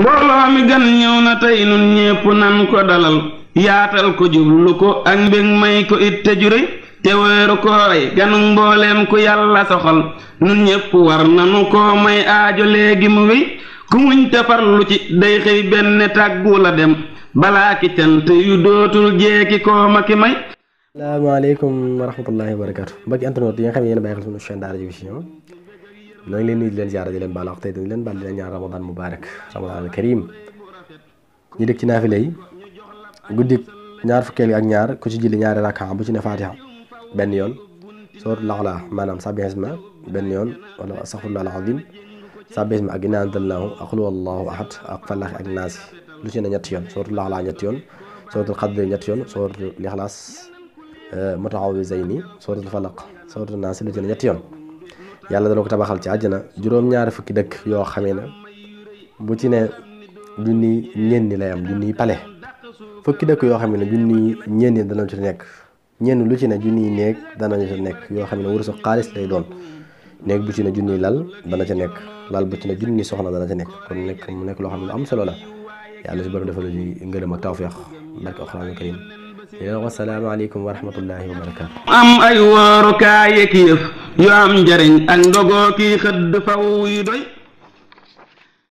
mbooloo mi gan ñëw na tey nun ñépp nan ko dalal yaatal ko jublu ko ak mbég may ko it te jure te weeru koore ganu mbooleem ku yàlla soxal nun ñépp war nanu koo may aajo léegi mu wéy ku muñ te farlu ci day xëy benn tàggu la dem balaa ki cant yu dootul jeeki kooma ki may salaamaaleykum wa rahmatullahi wa barakaatu mbokki internet yi xam ne yéen a bàyyi xel sunu chaîne Daara Djolof Vision نايلين يدلن زيارة دلن بالاقتي دلن بالدلن يا رمضان مبارك رمضان الكريم ندك نافلة guddi ñaar fukkeel ak ñaar ku ci julli ñaari rakka bu ci ne fatiha benn yoon soor laxla maanaam sabbi isma benn yoon wala astaghfirullah alazim sabbi isma ak inna anzalnahu ak qul huwallahu ahad ak falax ak naasi lu ci ne ñetti yoon soor laxla ñetti yoon sooratul xadri ñetti yoon sooratul lixlaas mutaawizayni sooratul falaq sooratul naasi lu ci ne ñetti yoon yàlla dana ko tabaxal ci àjjana juróom-ñaari fukki dëkk yoo xamee ne bu ci ne junni ñenni lay am junniy pale fukki dëkk yoo xam ne junniy ñenni dana ci nekk ñenn lu ci ne junniy néeg dana ci nekk yoo xam ne wërsu xaalis lay doon néeg bu ci ne junniy lal dana ci nekk lal bu ci ne junniy soxna dana ci nekk kon nekk mu nekk loo xam ne lu am solo la yàlla si borom defal la ñuy ngërëm ak tawfeex barke alxuraan karim yow wasalaamaaleykum wa rahmatullahi wa barakaatu yu am njariñ ak ndogoo kii xëdd faw yu doy